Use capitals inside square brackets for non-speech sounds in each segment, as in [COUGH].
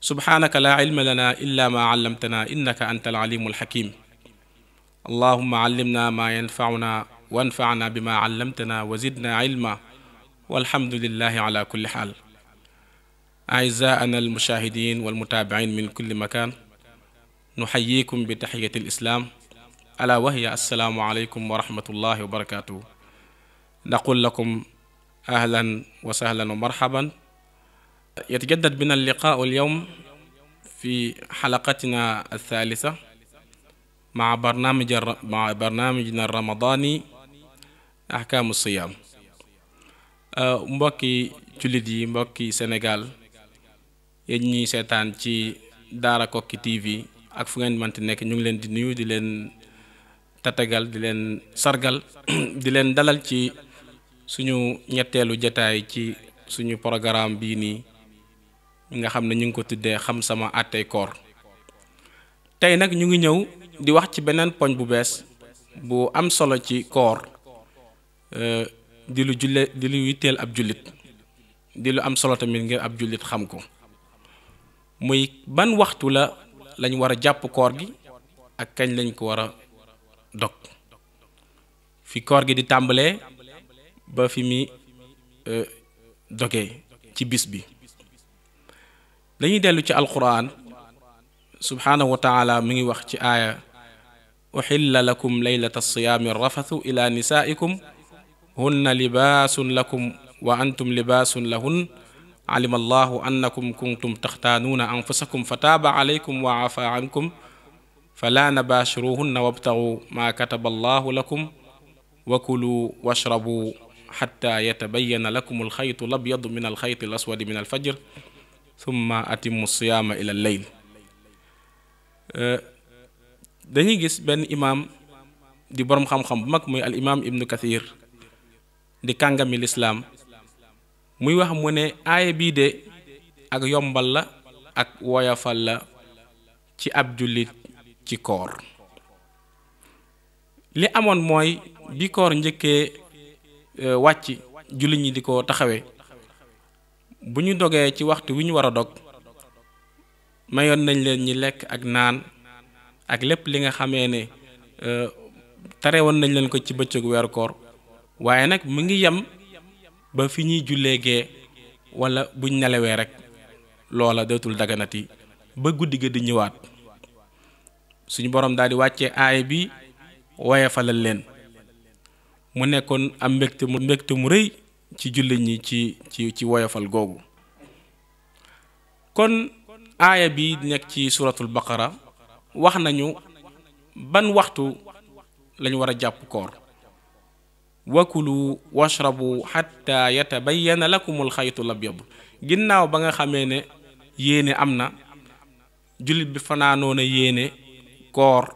subhaanaka laa ilma lana illa maa allamtana innaka anta alalimu alxakim allahuma allimna maa yanfauna wanfana bima allamtana wa zidna ilma walhamdulillahi ala kulli xaal aïsaana almushahidin walmutaabiin min kulli makan nuxayikum bi taxiyati alislaam alaa wahiya assalaamu aleykum wa rahmatullahi wa barakatuhu naqul lakum ahlan wa sahlan wa marhaban يتجدد بنا اللقاء اليوم في حلقتنا الثالثة مع برنامج مع برنامجنا الرمضاني أحكام الصيام mbokki jullit yi mbokki Sénégal yéen seetaan ci Daara Koki TV ak fu ngeen mënti nekk ñu ngi leen di nuyu di leen tatagal di leen sargal [CLEARS THROAT] di leen dalal ci suñu ñetteelu jataay ci suñu programme bii nii nga xam ne ñu ngi ko tuddee xam sama àttey koor tey nag ñu ngi ñëw di wax ci beneen poñ bu bees bu am solo ci koor di lu julle di lu yitteel ab jullit di lu am solo tamit ngir ab jullit xam ko muy ban waxtu la lañu war a jàpp koor gi ak kañ lañ ko war a dog fi koor gi di tàmbalee ba fi mi eh, dogee ci bis bi dañuy dellu ci alquran subhaanahu wa taala mi ngi wax ci aaya uxilla lakum laylata siyaami rafathu ila nisaaikum hunna libaasun lakum wa antum libaasun lahun alima allahu annakum kuntum taxtaanuuna anfusakum fa taaba alaykum wa afa ankum fala nabaashiruhunna wabtagu maa kataba allahu lakum wa kulu washrabuu xatta yatabayana lakum alxaytu labyadu min alxayti alaswadi min alfajr summa atimu siyaama ila leyl euh, dañuy gis benn imaam di boroom xam-xam bu mag muy al imaam ibnu kathir di kàngami lislaam muy wax mu ne aaya bii de ak yombal la ak woyafal la ci ab jullit ci koor li amoon mooy bi koor njëkkee euh, wàcc jullit ñi di ko taxawe bu ñu dogee ci waxtu wi ñu war a dog mayoon nañ leen ñi lekk ak naan ak lépp li nga xamee ne euh, tere woon nañ leen ko ci bëccëgu weeru koor waaye nag mu ngi yem ba fi ñuy jullee gee wala buñ nelawee rek loola dootul daganati ba guddi ga di ñëwaat suñu borom daal di wàccee aay bi woyefalal leen mu nekkoon am mbégte mu mbégte mu rëy ci jullit ñi ci ci ci woyofal googu kon aaya bi nekk ci suratul baqara wax nañu ban waxtu lañu war a jàpp koor wakulu washrabu xatta yatabayyana lakumul xaytul abyad ginnaaw ba nga xamee ne yéene am na jullit bi fanaanoo na yéene koor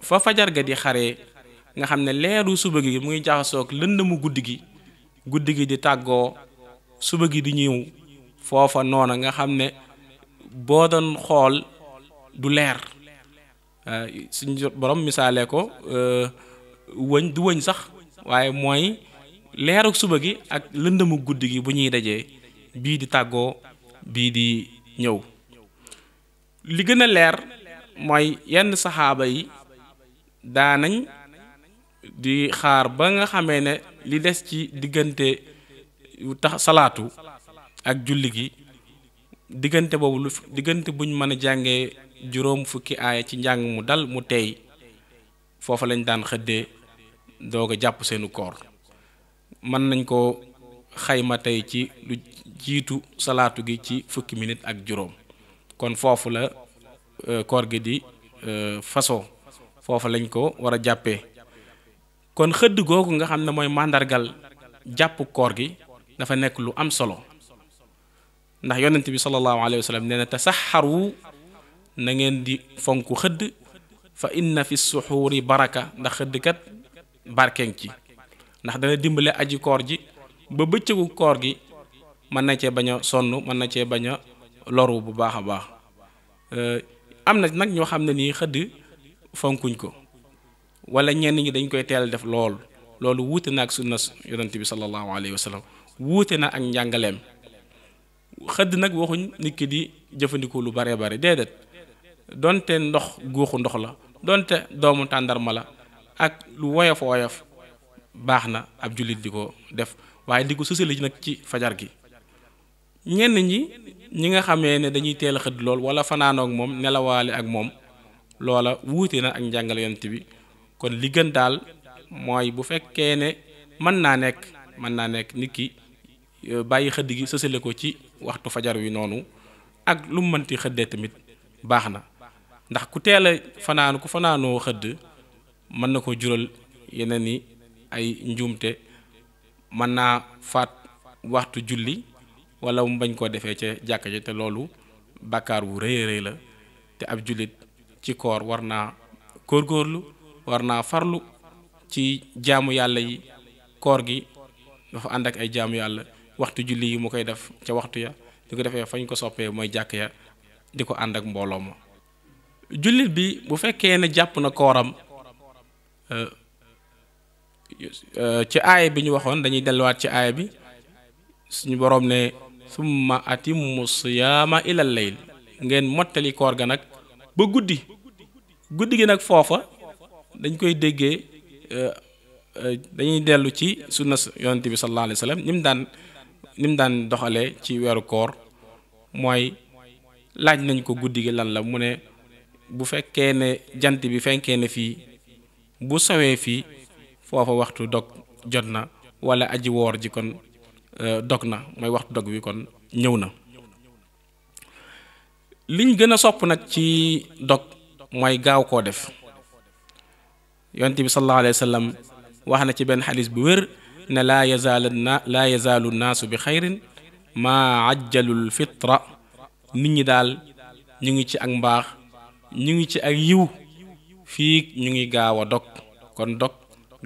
fa fajar ga di xare nga xam ne leeru suba gi mu muy jaxasoo ak lëndëmu guddi gi guddi gi di tàggoo suba gi di ñëw foofa noona nga xam ne boo doon xool du leer euh, suñu boroom misaale ko euh, wëñ du wëñ sax waaye mooy leeruk suba gi ak lëndëmu guddi gi bu ñuy dajee bii di tàggoo bii di ñëw li gën a leer mooy yenn saxaaba yi daanañ di xaar ba nga xamee ne li des ci diggante tax salaatu ak julli gi diggante boobu lu diggante buñ mën a jàngee juróom fukki aaya ci njàng mu dal mu teey foofa lañ daan xëddee doog a jàpp seenu koor mën nañ ko xayma tey ci lu jiitu salaatu gi ci fukki minit ak juróom kon foofu la euh, koor gi di euh, façon foofa lañ ko war a jàppee kon xëdd googu nga xam ne mooy màndargal jàpp koor gi dafa nekk lu am solo ndax yonent bi sallallahu alayhi wa sallam nee na tasaxaru na ngeen di fonk xëdd fa inna fi suxuuri baraka ndax xëdd kat barkeng ci ndax dana dimbale aji koor ji ba bëccëgu koor gi mën na cee bañ a sonn mën na cee bañ a loru bu baax a baax euh, am na nag ñoo xam ne nii xëdd fonkuñ ko wala ñenn ñi dañ koy teelal def lool loolu wuute na ak sunna yonent bi sallallahu alayhi wa sallam wuute na ak njàngaleem xëdd nag waxuñ nit di jëfandikoo lu bare bare déedéet donte ndox guuxu ndox la donte doomu tàndarma la ak lu woyof woyof baax na ab jullit di ko def waaye di ko sësali nag ci fajar gi ñenn ñi ñi nga xamee ne dañuy teel a xëdd lool wala fanaanoog moom nelawaale ak moom loola wuute na ak njàngale yonent bi kon li gën daal mooy bu fekkee ne mën naa nekk mën naa nekk nit ki euh, bàyyi xëdd gi sësale ko ci waxtu fajar wi noonu ak lu mu mënti xëddee tamit baax na ndax ku teel a fanaan ku fanaanoo xëdd mën na ko jural yeneen i ay njuumte mën naa faat waxtu julli wala mu bañ koo defee ca jàkka ja te loolu bàkkaar bu rëy rëy la te ab jullit ci koor war naa góorgóorlu war naa farlu ci jaamu yàlla yi koor gi dafa ànd ak ay jaamu yàlla waxtu julli yi mu koy def ca waxtu ya di ko defee fañ ko soppee mooy jàkk ya di ko ànd ak mbooloo ma jullit bi bu fekkee ne jàpp na kooram euh, euh, ci aaya bi ñu waxoon dañuy delluwaat ci aaya bi suñu boroom ne summa atimmu siyaama ilal layl ngeen mottali koor ga nag ba guddi guddi gi nag foofa dañ koy déggee euh, euh, dañuy dellu ci sunna yonent bi sallallahu alayhi wa sallam ni daan ni daan doxalee ci weeru koor mooy laaj nañ ko guddi gi lan la mu ne bu fekkee ne jant bi fenkee ne fii bu sowee fii foofa waxtu dog jot na wala aji woor ji kon euh, dog na mooy waxtu dog bi kon ñëw na liñ gën a sopp nag ci dog mooy gaaw koo def yonent bi sallallahu alayhi wa wax na ci benn xadis bu wér ne laa yazaalu na laa yazaalu naasu bi xayrin maa ajjalul fitra nit ñi daal ñu ngi ci ak mbaax ñu ngi ci ak yiw fii ñu ngi gaaw a dog kon dog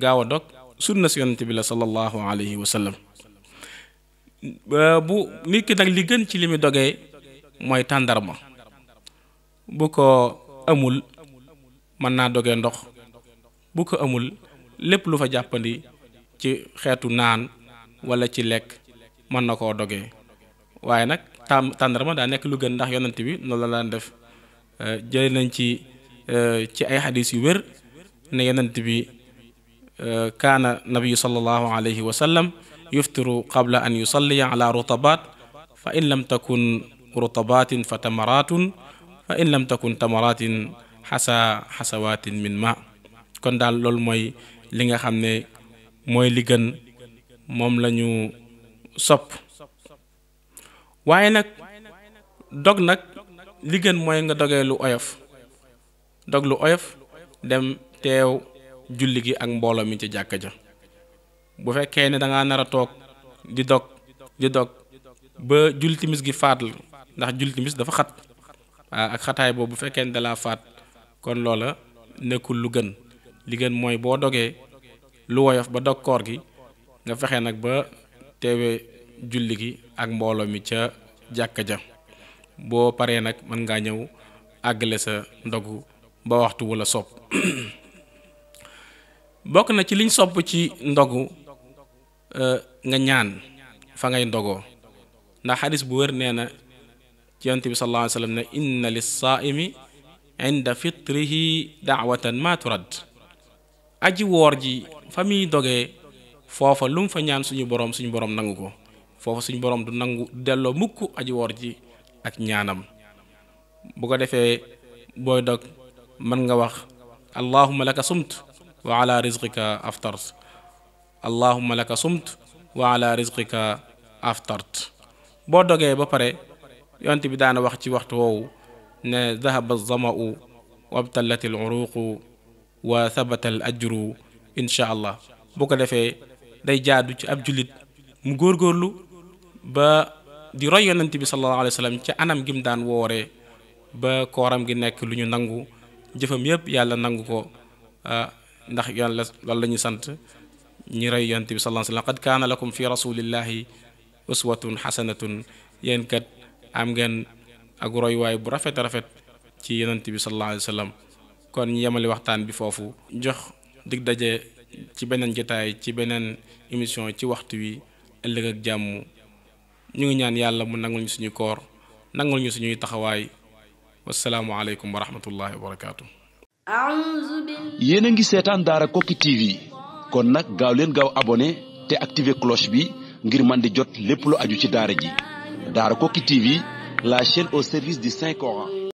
gaaw a dog sunna si yonent bi la sallallahu alayhi wa sallam bu nit ki nag li gën ci li muy dogee mooy tàndarma bu ko amul mën naa dogee ndox bu ko amul lépp lu fa jàppandi ci xeetu naan wala ci lekk mën na koo dogee waaye nag tam tàndarma daa nekk lu gën ndax yonent bi noonu la laa def euh, jëlee nañ ci euh, ci ay xadis yu wér ne yonent bi euh, kaana nabiyu sallallahu alayhi wa sallam yuftiru qabla an yusalliya ala rutabaat fa in lam takun rutabaatin fa tamaraatun fa in lam takun tamaratin xasa xasawaatin min ma kon daal loolu mooy li nga xam ne mooy li gën moom lañu ñu sopp waaye nag dog nag li gën mooy nga dogee lu oyof dog lu oyof dem teew julli gi ak mbooloo mi ci jàkka ja bu fekkee ne da ngaa nar a toog di dog di dog ba julli timis gi faat la ndax julli timis dafa xat ak xataay boobu bu fekkee ne dalaa faat kon loola nekkul lu gën li gën mooy boo dogee lu woyof ba dog koor gi nga fexe nag ba teewe julli gi ak mbooloo mi ca jàkka ja boo paree nag mën ngaa ñëw àggale sa ndogu ba waxtu wala sopp [CLEARS THROAT] bokk na ci liñ sopp ci ndogu euh, nga ñaan fa ngay ndogoo ndax xadis bu wér nee ci yonent bi sallallahu alayhi wa sallam ne inna lis inda fitrihi daawatan ma aji woor ji fa muy dogee foofa lu mu fa ñaan suñu boroom suñu boroom nangu ko foofa suñu boroom du nangu delloo mukk aji woor ji ak ñaanam bu ko defee booy dog mën nga wax allahumma laka sumt wa ala rizqika aftart allahumma laka sumt wa ala rizqika boo dogee ba pare yonent bi daana wax ci waxtu woowu ne dahaba zama'u wabtallatil uruqu wa sabatal ajru incha allah bu ko defee day jaadu ci ab jullit mu góorgóorlu ba di roy yonent bi sallallahu alayhi wa anam gi mu daan wooree ba kooram gi nekk lu ñu nangu jëfam yépp yàlla nangu ko ah, ndax yàlla loolu la ñu sant ñi roy yonent bi sallallahu alayhi wa sallam qad kaana lakum fi rasulillahi uswatun xasanatun yéen kat am ngeen ak roy bu rafet rafet ci yonent bi sallallahu alayhi wa sallam kon ñu waxtaan bi foofu jox dig daje ci beneen jotaay ci beneen émission ci waxtu wi ëllëg ak jàmm ñu ngi ñaan yàlla mu nangul ñu suñu koor nangul ñu suñuy taxawaay wasalaamu aleykum wa rahmatullahi wa barakaatu. yéen a ngi seetaan daara Koki TV kon nag gaaw leen gaaw abonné te activé cloche bi ngir man di jot lépp lu aju ci daara ji daara Koki TV la chaîne au service di Saint Coran.